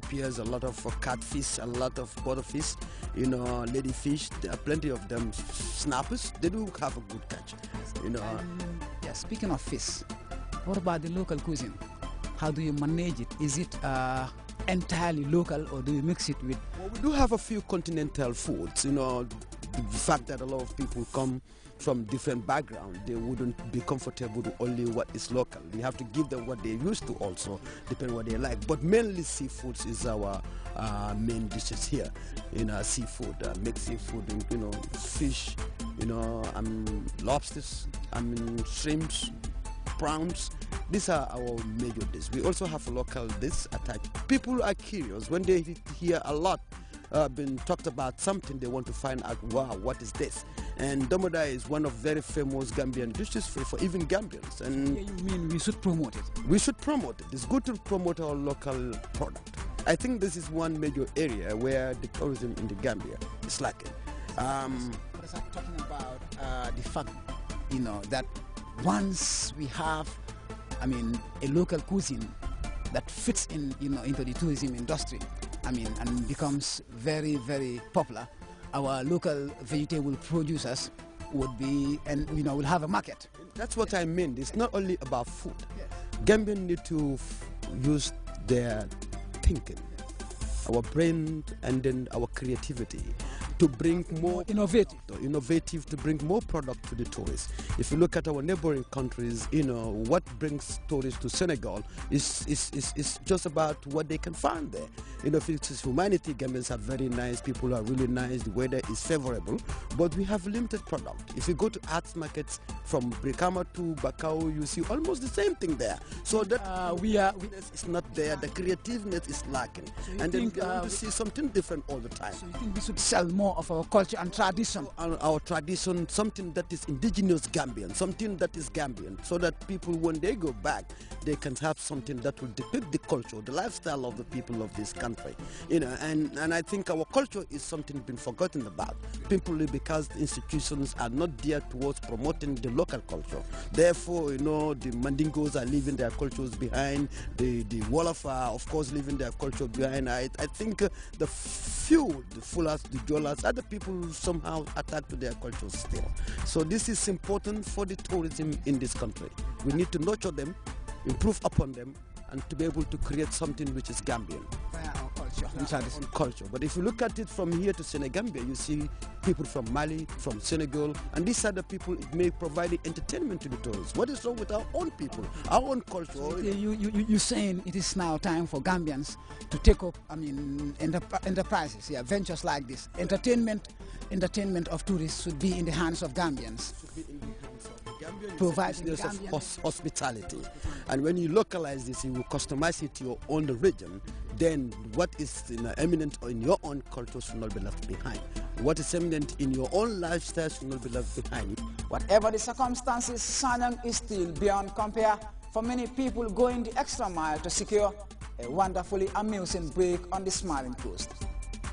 tilapias, a lot of catfish, a lot of butterfish, you know, ladyfish. There are plenty of them. Snappers, they do have a good catch. You know. Um, yeah, speaking of fish, what about the local cuisine? How do you manage it? Is it uh, entirely local or do you mix it with? Well, we do have a few continental foods, you know, the fact that a lot of people come from different background, they wouldn't be comfortable to only what is local. We have to give them what they're used to also, depending what they like. But mainly seafoods is our uh, main dishes here. You know, seafood, uh, mixed seafood, and, you know, fish, you know, I mean lobsters, I mean, shrimps, prawns. These are our major dishes. We also have local dishes attached. People are curious when they hear a lot uh, been talked about something they want to find out, wow, what is this? And Domoda is one of very famous Gambian dishes for, for even Gambians. And yeah, you mean we should promote it? We should promote it. It's good to promote our local product. I think this is one major area where the tourism in the Gambia is lacking. Um, but I'm talking about uh, the fact, you know, that once we have, I mean, a local cuisine that fits in, you know, into the tourism industry, I mean, and becomes very, very popular, our local vegetable producers would be, and you know, will have a market. That's what I mean. It's not only about food. Yes. Gambians need to use their thinking, our brain, and then our creativity to bring more innovative innovative to bring more product to the tourists if you look at our neighboring countries you know what brings tourists to senegal is, is, is, is just about what they can find there you know, it's humanity, Gambians are very nice, people are really nice, the weather is favorable, but we have limited product. If you go to arts markets from Brikama to Bakau, you see almost the same thing there. So that uh, we are, we is not there, the creativeness is lacking. So and think, then we uh, want to see something different all the time. So you think we should sell more of our culture and tradition? Our, our tradition, something that is indigenous Gambian, something that is Gambian, so that people, when they go back, they can have something that will depict the culture, the lifestyle of the people of this country country. You know, and, and I think our culture is something been forgotten about, simply because institutions are not geared towards promoting the local culture. Therefore, you know, the Mandingos are leaving their cultures behind, the, the Wolof are, of course, leaving their culture behind. I, I think the few, the Fulas, the Jolas, are the people who somehow attached to their culture still. So this is important for the tourism in this country. We need to nurture them, improve upon them, and to be able to create something which is Gambian. Wow culture. These are culture. But if you look at it from here to Senegambia, you see people from Mali, from Senegal, and these are the people it may provide entertainment to the tourists. What is wrong with our own people, our own culture? you, you, you, you're saying it is now time for Gambians to take up, I mean, enterprises, yeah, ventures like this. Entertainment, entertainment of tourists should be in the hands of Gambians. Provides business of hospitality. And when you localize this, you will customize it to your own region then what is eminent in your own culture should not be left behind. What is eminent in your own lifestyle should not be left behind. Whatever the circumstances, Sanyang is still beyond compare for many people going the extra mile to secure a wonderfully amusing break on the smiling coast.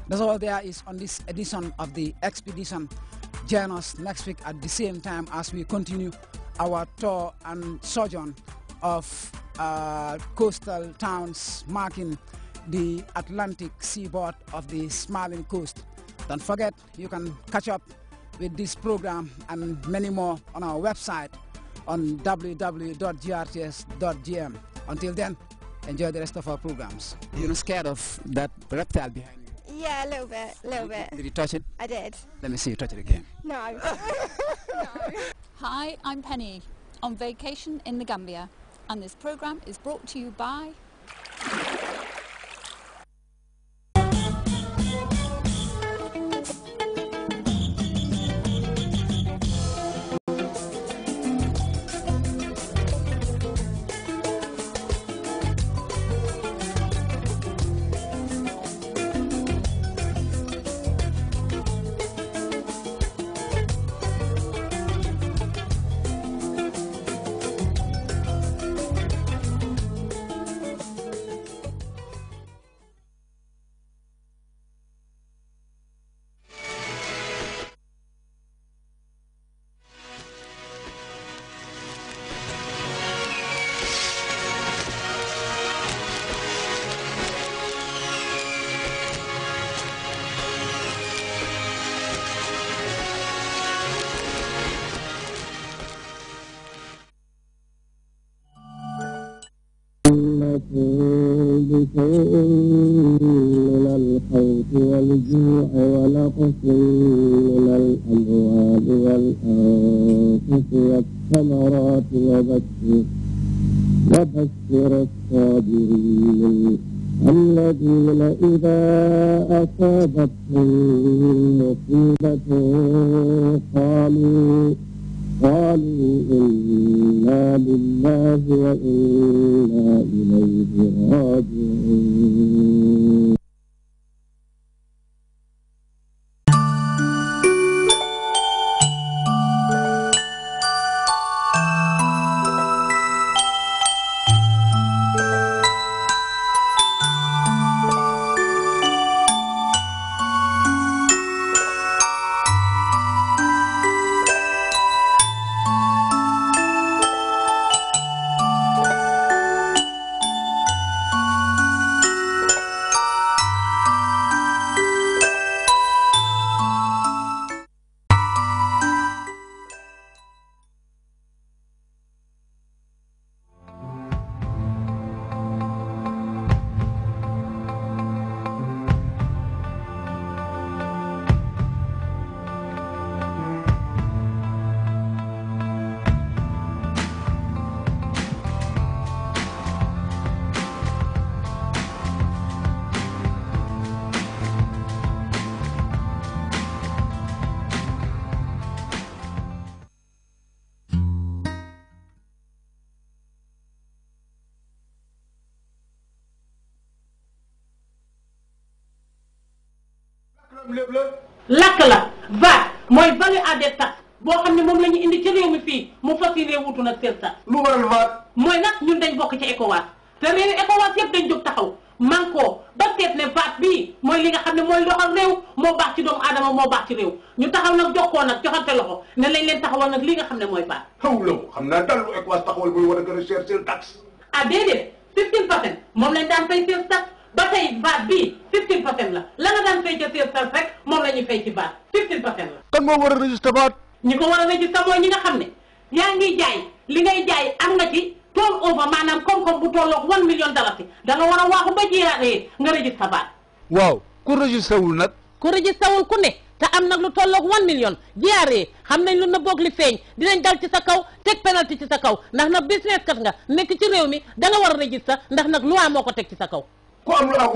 That's all there is on this edition of the expedition. Join us next week at the same time as we continue our tour and sojourn of uh, coastal towns marking the Atlantic seaboard of the Smiling Coast. Don't forget, you can catch up with this program and many more on our website on www.grts.gm. Until then, enjoy the rest of our programs. You're not scared of that reptile behind you? Yeah, a little bit, a little bit. Did you touch it? I did. Let me see you touch it again. No. no. Hi, I'm Penny, on vacation in the Gambia, and this program is brought to you by يَأْتِيكُم بِشَيْءٍ مِّنَ الْخَوْفِ وَالْجُوعِ وَنَقْصٍ مِّنَ الْأَمْوَالِ وَالْأَنفُسِ وَالثَّمَرَاتِ وَبَشِّرِ وبشر الصابرين الذين إذا أصابتهم مصيبة قالوا قالوا إنا لله وإنا إليه راجعون lakk la vaat mooy value added tax boo xam ne moom la ñu indi ci réew mi fii mu fas yéene na nag seen tax lu waral vaat mooy nag ñu dañ bokk ci ECOWAS te réewi ECOWAS yëpp dañ jóg taxaw man koo ba seet ne vaat bii mooy li nga xam ne mooy doxal réew moo baax ci doomu aadama moo baax ci réew ñu taxaw nag jox koo nag joxante loxo ne lañ leen taxawal nag li nga xam ne mooy vaat xaw law xam naa dal lu ECOWAS taxawal buy war a gën a cher seen tax ah déedéet fifteen percent moom lañ daan fay seen tax ba tey vaat bii fifteen percent la daan fay ca seen rek moom la fay ci baat 15 la. kan mo wara register baat. ñi ko wara register registré mooy ñi nga xamne ne yaa ngi jaay li ngay jaay am nga ci tol over manam kom kom bu tolok 1 million ci da nga wara waxu ba ba jiiraatee nga register baat. waaw ku register wul nak ku register wul ku ne. ta am nak lu tolok 1 million jiaré xam nañ lu na bok li feeñ dinañ dal ci sa kaw tek penalty ci sa kaw ndax na business kat nga nek ci rew mi da nga wara register ndax nak loi moko tek ci sa kaw. ko am lu